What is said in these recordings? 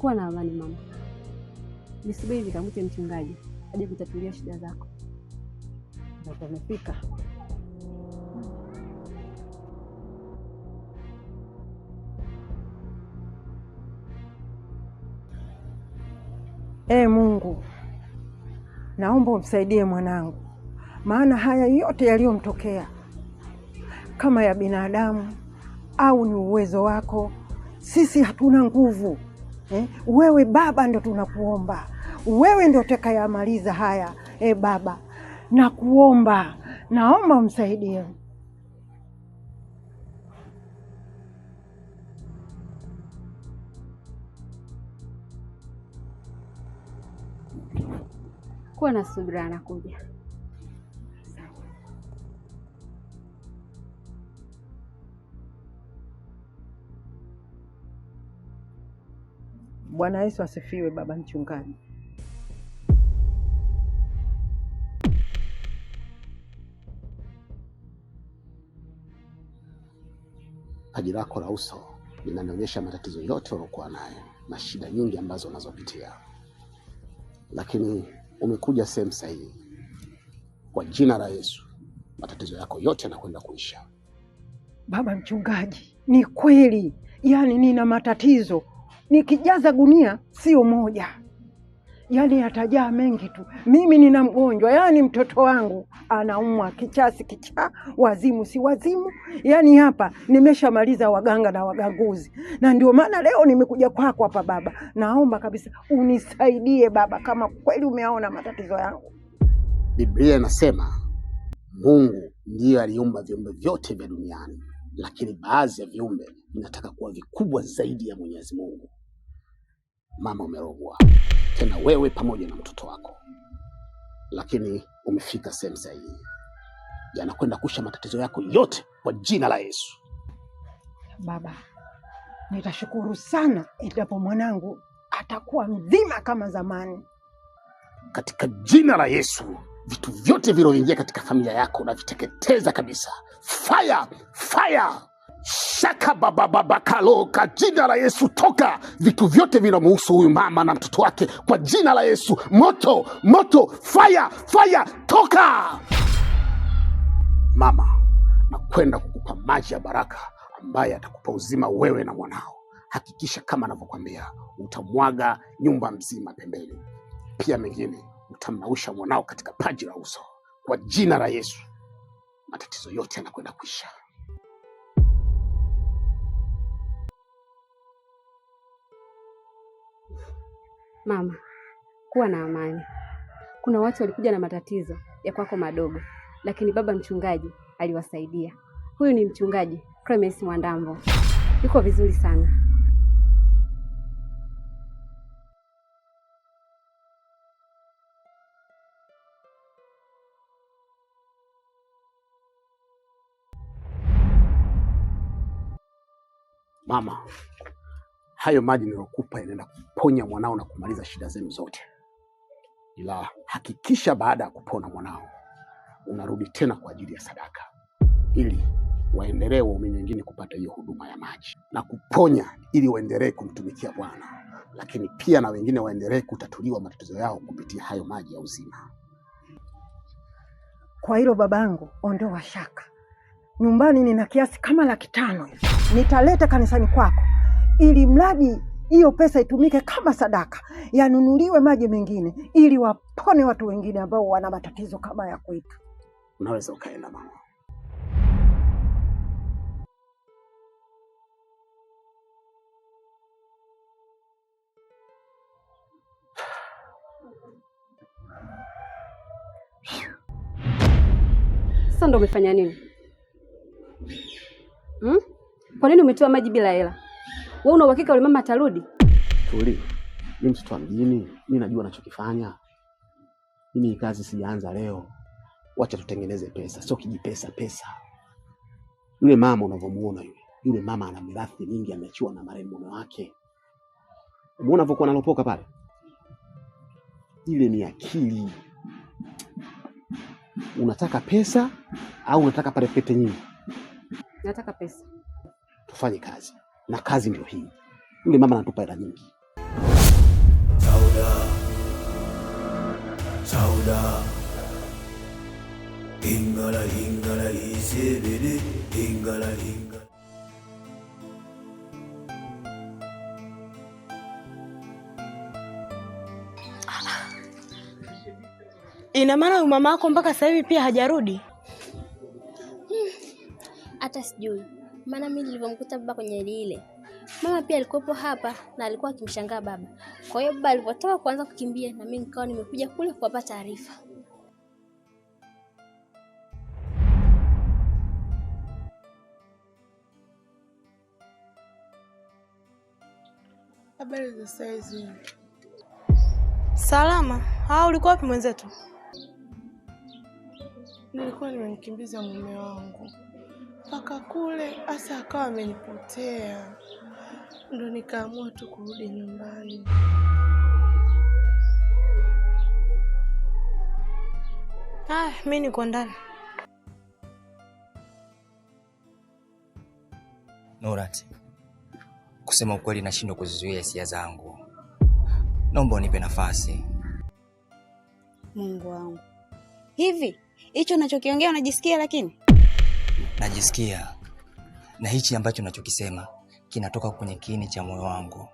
Kuwa na amani mama, nisubiri nikamwite mchungaji aje kutatulia shida zako. Amefika. Ee eh, Mungu, naomba umsaidie mwanangu, maana haya yote yaliyomtokea kama ya binadamu au ni uwezo wako, sisi hatuna nguvu eh? Wewe Baba ndo tunakuomba wewe, ndo utakayamaliza haya eh, Baba nakuomba, naomba umsaidie kuwa na subira, anakuja. Bwana Yesu asifiwe, baba mchungaji. Paji lako la uso linanionyesha matatizo yote uliokuwa nayo na shida nyingi ambazo unazopitia, lakini umekuja sehemu sahihi. Kwa jina la Yesu, matatizo yako yote yanakwenda kuisha. Baba mchungaji, ni kweli, yaani nina matatizo nikijaza gunia sio moja, yani yatajaa mengi tu. Mimi nina mgonjwa, yaani mtoto wangu anaumwa kichaa si kichaa, wazimu si wazimu. yani hapa nimeshamaliza waganga na waganguzi, na ndio maana leo nimekuja kwako hapa. Baba, naomba kabisa unisaidie baba, kama kweli umeaona matatizo yangu. Biblia inasema Mungu ndiyo aliumba viumbe vyote vya duniani, lakini baadhi ya viumbe vinataka kuwa vikubwa zaidi ya Mwenyezi Mungu mama umerogwa, tena wewe pamoja na mtoto wako. Lakini umefika sehemu sahihi, yanakwenda kusha matatizo yako yote kwa jina la Yesu. Baba, nitashukuru sana endapo mwanangu atakuwa mzima kama zamani, katika jina la Yesu. Vitu vyote vilivyoingia katika familia yako na viteketeza kabisa, fire fire shaka babababakaloka jina la Yesu, toka vitu vyote vinamhusu huyu mama na mtoto wake kwa jina la Yesu. Moto moto, fire fire, toka mama, nakwenda kukupa maji ya baraka ambaye atakupa uzima wewe na mwanao. Hakikisha kama anavyokwambia, utamwaga nyumba mzima pembeni, pia mengine utamnausha mwanao katika paji la uso. Kwa jina la Yesu matatizo yote yanakwenda kuisha. Mama, kuwa na amani. Kuna watu walikuja na matatizo ya kwako madogo, lakini baba mchungaji aliwasaidia. Huyu ni mchungaji Clemence Mwandambo, yuko vizuri sana. Mama, hayo maji nilokupa yanaenda kuponya mwanao na kumaliza shida zenu zote, ila hakikisha baada ya kupona mwanao unarudi tena kwa ajili ya sadaka, ili waendelee waumini wengine kupata hiyo huduma ya maji na kuponya, ili waendelee kumtumikia Bwana, lakini pia na wengine waendelee kutatuliwa matatizo yao kupitia hayo maji ya uzima. Kwa hilo babangu, ondoa shaka. Nyumbani nina kiasi kama laki tano nitaleta kanisani kwako ili mradi hiyo pesa itumike kama sadaka, yanunuliwe maji mengine, ili wapone watu wengine ambao wana matatizo kama ya kwetu. Unaweza ukaenda mama. Sasa ndo umefanya nini? Hmm? Kwa nini umetoa maji bila hela? Wewe una uhakika yule mama atarudi? Tuli, mimi mtoto wa mjini, mimi najua nachokifanya. Mimi kazi sijaanza leo, wacha tutengeneze pesa, sio kijipesa pesa. Yule mama unavyomuona yule, yule mama ana mirathi mingi, ameachiwa na marehemu wake. Umeona alivyokuwa analopoka pale, ile ni akili. Unataka pesa au unataka pete nyingi? Nataka pesa. Tufanye kazi na kazi ndio hii. Yule mama anatupa hela nyingi. Sauda, Sauda ingala ingala isebele ingala ingala Ina maana mama wako mpaka sasa hivi pia hajarudi? Hmm. Hata hmm, sijui maana mimi nilivyomkuta baba kwenye lile, mama pia alikuwepo hapa na alikuwa akimshangaa baba. Kwa hiyo baba alipotoka kuanza kukimbia, na mimi nikawa nimekuja kule kuwapa taarifa. Habari za saizi? Salama. Ah, ulikuwa wapi mwenzetu? Nilikuwa nimemkimbiza mume wangu mpaka kule hasa akawa amenipotea, ndo nikaamua tu kurudi nyumbani. Ah, mi niko ndani. Nurati, kusema ukweli nashindwa kuzizuia hisia zangu, naomba unipe nafasi. Mungu wangu, hivi hicho unachokiongea unajisikia? Lakini najisikia na hichi ambacho nachokisema kinatoka kwenye kiini cha moyo wangu,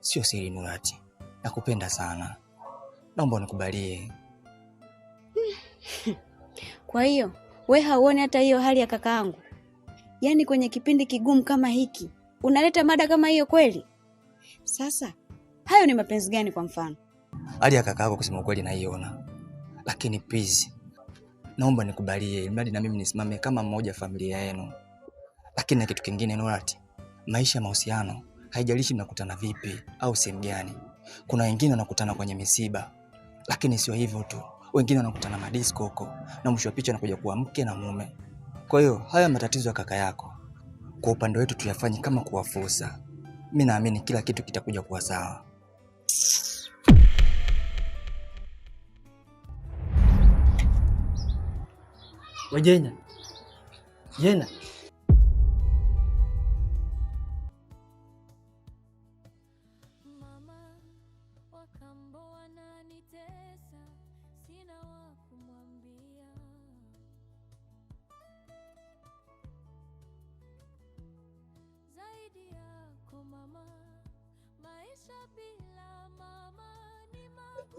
sio siri. Nurati, nakupenda sana, naomba unikubalie. Kwa hiyo we hauoni hata hiyo hali ya kakaangu? Yaani kwenye kipindi kigumu kama hiki unaleta mada kama hiyo kweli? Sasa hayo ni mapenzi gani? Kwa mfano hali ya kakaako, kusema ukweli naiona, lakini please naomba nikubalie, mradi na mimi nisimame kama mmoja familia yenu. Lakini na kitu kingine Nurati, maisha ya mahusiano haijalishi mnakutana vipi au sehemu gani. Kuna wengine wanakutana kwenye misiba, lakini sio hivyo tu, wengine wanakutana madisko huko, na mwisho wa picha anakuja kuwa mke na mume. Kwa hiyo haya matatizo ya kaka yako, kwa upande wetu tuyafanye kama kuwa fursa. mi naamini kila kitu kitakuja kuwa sawa. wajena jena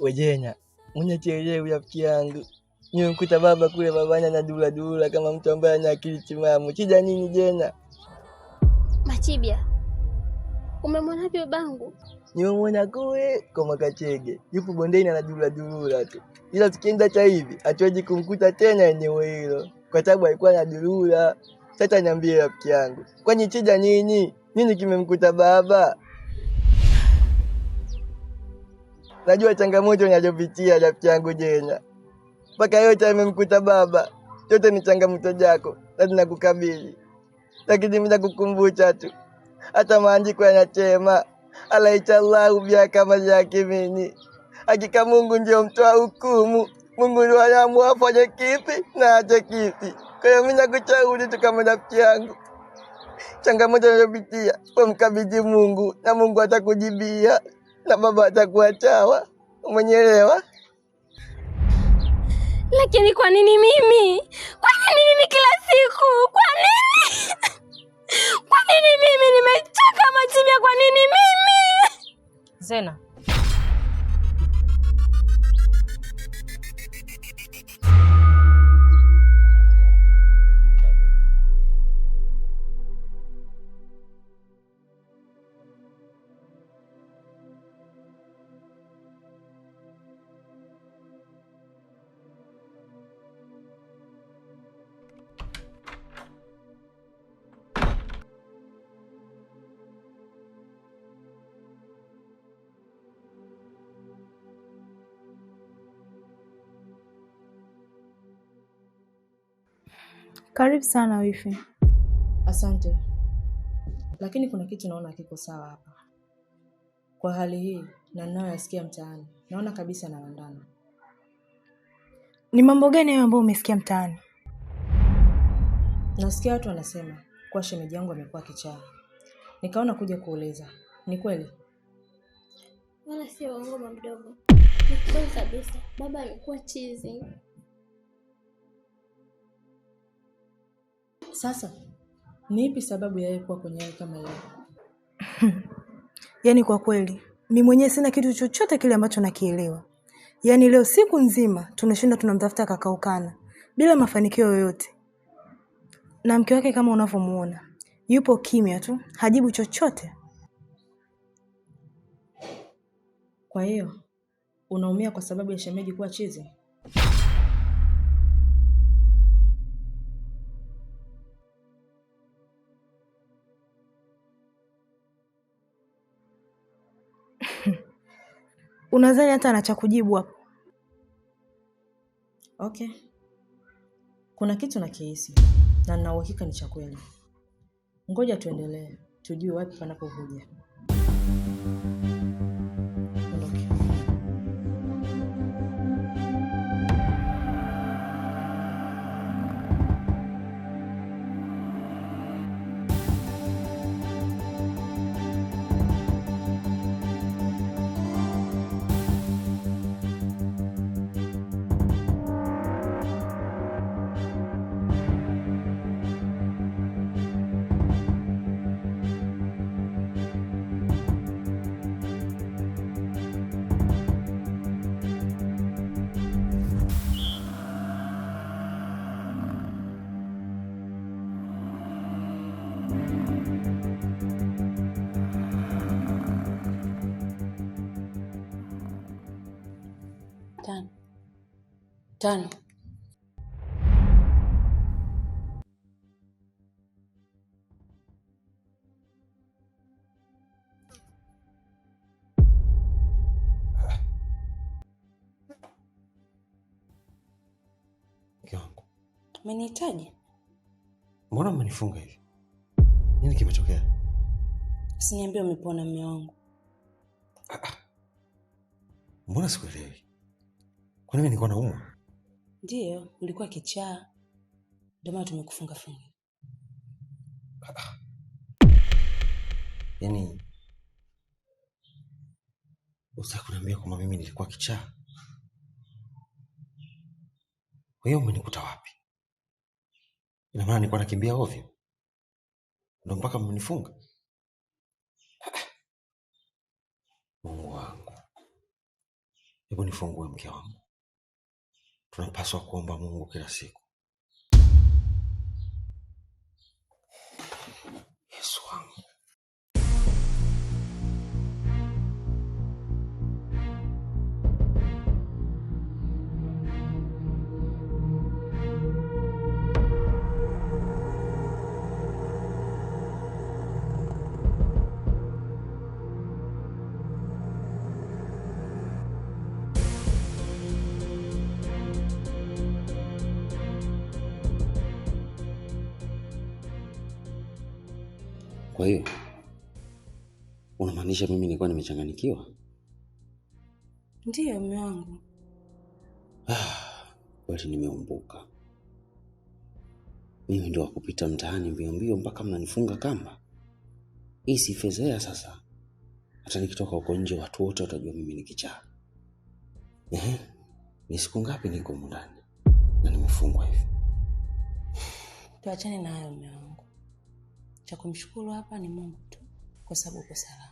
wejenya mwenye chieje uyafikiangu nimemkuta baba kule, babanya na dula dula kama mtu ambaye ana akili timamu. Chida nini jena? Machibia, umemwonaje babangu? Nimemwona kule kwa Makachege, yupo bondeni dula tu, ila tukienda cha hivi hatuwezi kumkuta tena eneo hilo, kwa sababu alikuwa anadurura. Sasa niambie rafiki yangu, kwani chida nini? Nini kimemkuta baba? Najua changamoto unazopitia rafiki yangu Jena mpaka yote amemkuta baba, yote ni changamoto jako na kukabili. lakini mimi nakukumbusha tu, hata maandiko yanasema alaichallahu biakama zakimini, hakika Mungu ndio mtoa hukumu. Mungu ndio anaamua afanye kipi na ache kipi. Kwa hiyo mimi nakushauri tu, kama rafiki yangu, changamoto unayopitia wamkabidhi Mungu na Mungu atakujibia na baba atakuwa sawa. Umenielewa? Lakini kwa nini mimi? Kwa nini mimi kila siku? Kwa nini? Kwa nini mimi? Nimechoka Machimia, kwa nini mimi? Zena Karibu sana wifi. Asante, lakini kuna kitu naona kiko sawa hapa. Kwa hali hii na ninayoyasikia mtaani, naona kabisa nalandana. Ni mambo gani hayo ambayo umesikia mtaani? Nasikia watu wanasema kuwa shemeji yangu amekuwa kichaa, nikaona kuja kuuliza. Ni kweli? Wala sio uongo mdogo, ni kweli kabisa. Baba amekuwa chizi. Sasa ni ipi sababu ya yeye kuwa kwenye hali kama hiyo? Yaani kwa kweli mi mwenyewe sina kitu chochote kile ambacho nakielewa. Yaani leo siku nzima tunashinda tunamtafuta Kakaukana bila mafanikio yoyote, na mke wake kama unavyomuona yupo kimya tu, hajibu chochote. Kwa hiyo unaumia kwa sababu ya shemeji kuwa chizi? Unadhani hata ana cha kujibu hapo? Okay, kuna kitu na kihisi na nina uhakika ni cha kweli. Ngoja tuendelee tujue wapi panapovuja. Tano. umenihitaji? Mbona umenifunga hivi? Nini kimetokea? Usiniambie umepona mume wangu. Ah, ah. Mbona sikuelewi? Kwa nini nilikuwa naumwa? Ndiyo, ulikuwa kichaa, ndio maana tumekufunga funga. Yaani usa kuniambia kwamba mimi nilikuwa kichaa? hiyo umenikuta wapi? Ina maana nilikuwa nakimbia ovyo ndo mpaka mmenifunga? Mungu wangu, hebu nifungue mke wangu tunapaswa kuomba Mungu kila siku. Yesu wangu. Kwa hiyo unamaanisha mimi nilikuwa nimechanganyikiwa? Ndiyo mume wangu. Ah, kweli nimeumbuka. Mimi ndio wakupita mtaani mbio mbio mpaka mnanifunga kamba. Hii si fezea sasa. Hata nikitoka huko nje watu wote watajua mimi ni kichaa. Ehe, ni siku ngapi niko ndani na nimefungwa hivi? Tuachane na hayo mume wangu. Cha kumshukuru hapa ni Mungu tu, kwa sababu uko salama.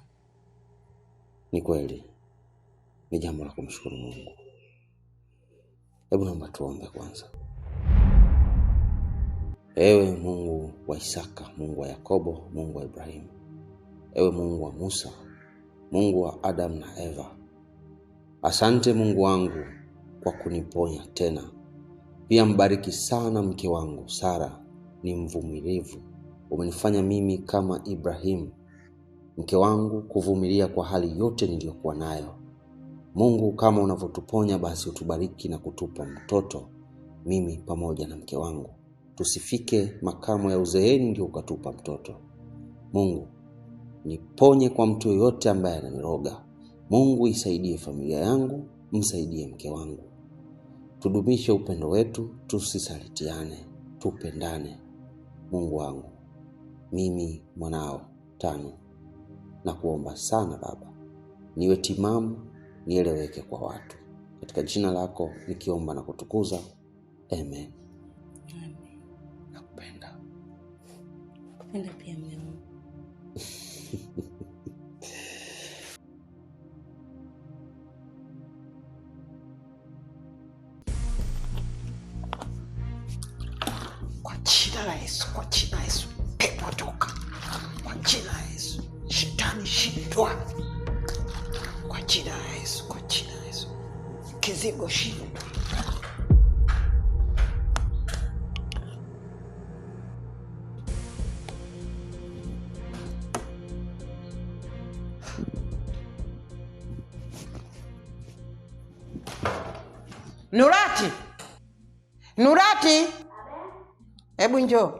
Ni kweli, ni jambo la kumshukuru Mungu. Hebu naomba tuombe kwanza. Ewe Mungu wa Isaka, Mungu wa Yakobo, Mungu wa Ibrahimu, ewe Mungu wa Musa, Mungu wa Adamu na Eva, asante Mungu wangu kwa kuniponya tena. Pia mbariki sana mke wangu Sara, ni mvumilivu umenifanya mimi kama Ibrahimu mke wangu kuvumilia kwa hali yote niliyokuwa nayo. Mungu, kama unavyotuponya basi utubariki na kutupa mtoto, mimi pamoja na mke wangu, tusifike makamo ya uzeeni ndio ukatupa mtoto. Mungu, niponye kwa mtu yoyote ambaye ananiroga. Mungu, isaidie familia yangu, msaidie mke wangu. Tudumishe upendo wetu, tusisalitiane, tupendane. Mungu wangu mimi mwanao. Tano, na kuomba sana Baba, niwe timamu, nieleweke kwa watu, katika jina lako nikiomba na kutukuza, amen. Nakupenda. pia Nurati, Nurati, hebu njoo.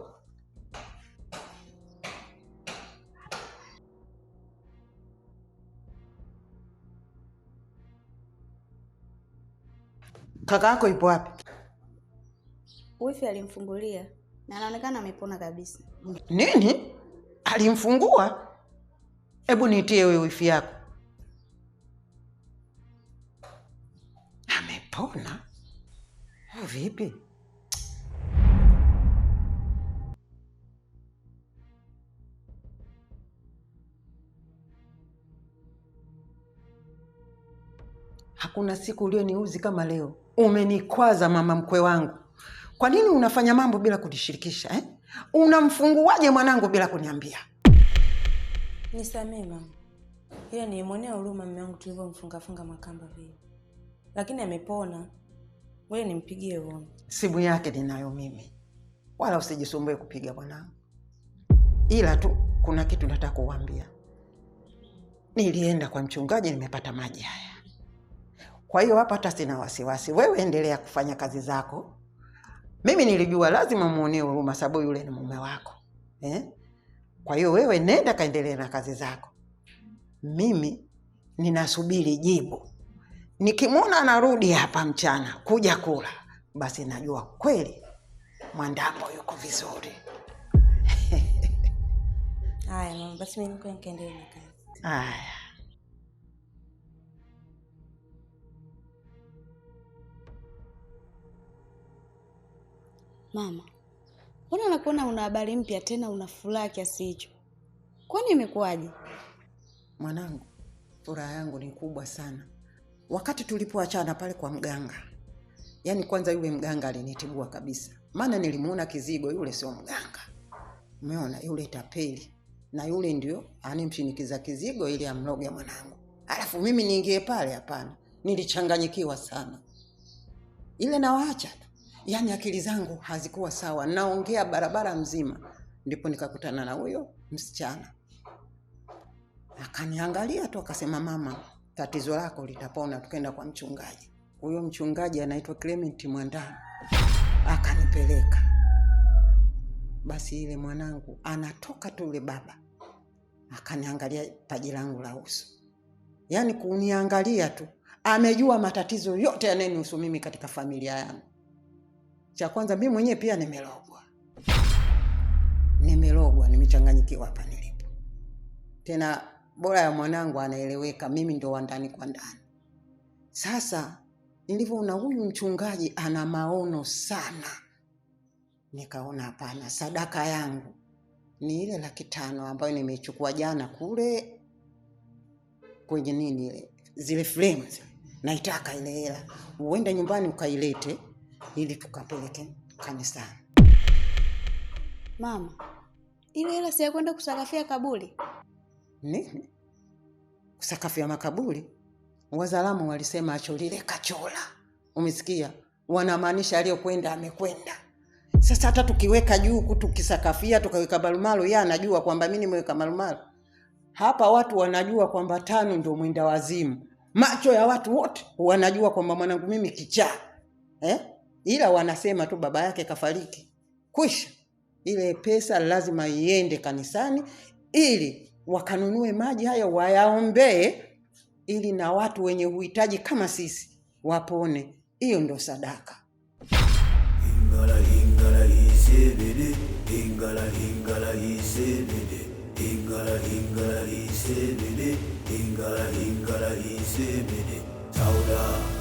Kaka yako ipo wapi? Wifi alimfungulia na anaonekana amepona kabisa. Nini? Alimfungua? Hebu niitie wewe wifi yako. Paula? Ah, vipi? Hakuna siku ulioniuzi kama leo. Umenikwaza mama mkwe wangu. Kwa nini unafanya mambo bila kunishirikisha eh? Unamfunguaje mwanangu bila kuniambia? Nisamee mama, ila nimwonea huruma mume wangu tulivyomfungafunga makamba vile lakini amepona. Wewe nimpigie huo simu yake ninayo mimi, wala usijisumbue kupiga bwanangu, ila tu kuna kitu nataka kuambia Nilienda kwa mchungaji, nimepata maji haya. Kwa hiyo hapa hata sina wasiwasi, wewe endelea kufanya kazi zako. Mimi nilijua lazima muonee huruma, sababu yule ni mume wako eh? Kwa hiyo wewe nenda kaendelee na kazi zako, mimi ninasubiri jibu nikimwona anarudi hapa mchana kuja kula, basi najua kweli Mwandambo yuko vizuri. Haya mama, basi mimi nikaendelea na kazi. Haya. Mama, mbona nakuona una habari mpya tena una furaha kiasi hicho? Kwani imekuwaje? Mwanangu, furaha yangu ni kubwa sana wakati tulipoachana pale kwa mganga, yani kwanza yule mganga alinitibua kabisa, maana nilimuona kizigo. Yule sio mganga, umeona, yule tapeli, na yule ndio anemshinikiza yaani kizigo ili amloge mwanangu, alafu mimi niingie pale? Hapana, nilichanganyikiwa sana, ile nawaacha tu, yani akili zangu hazikuwa sawa, naongea barabara mzima, ndipo nikakutana na huyo msichana, akaniangalia tu akasema, mama tatizo lako litapona, tukaenda kwa mchungaji. Huyo mchungaji anaitwa Clement Mwandani, akanipeleka basi. Ile mwanangu anatoka tu, ule baba akaniangalia paji langu la uso, yaani kuniangalia tu amejua matatizo yote yanayenihusu mimi katika familia yangu. Cha kwanza mimi mwenyewe pia nimelogwa, nimelogwa, nimechanganyikiwa hapa nilipo tena bora ya mwanangu anaeleweka, mimi ndo wa ndani kwa ndani. Sasa nilivyoona huyu mchungaji ana maono sana, nikaona hapana, sadaka yangu ni ile laki tano ambayo nimechukua jana kule kwenye nini ile zile flames, naitaka ile hela, uende nyumbani ukailete ili tukapeleke kanisani. Mama, ile hela si ya kwenda kusakafia kaburi? Nini? Sakafu ya makaburi? Wazalamu walisema acholile kachola. Umesikia? Wanamaanisha aliyokwenda amekwenda. Sasa hata tukiweka juu tukisakafia, tukaweka marumaru, yeye anajua kwamba mimi nimeweka marumaru. Hapa watu wanajua kwamba tano ndio mwenda wazimu. Macho ya watu wote wanajua kwamba mwanangu mimi kichaa eh? Ila wanasema tu baba yake kafariki, kwisha. Ile pesa lazima iende kanisani ili wakanunue maji hayo wayaombee, ili na watu wenye uhitaji kama sisi wapone. Hiyo ndo sadaka. ingala ingala isebede ingala ingala isebede ingala ingala isebede ingala ingala isebede sauda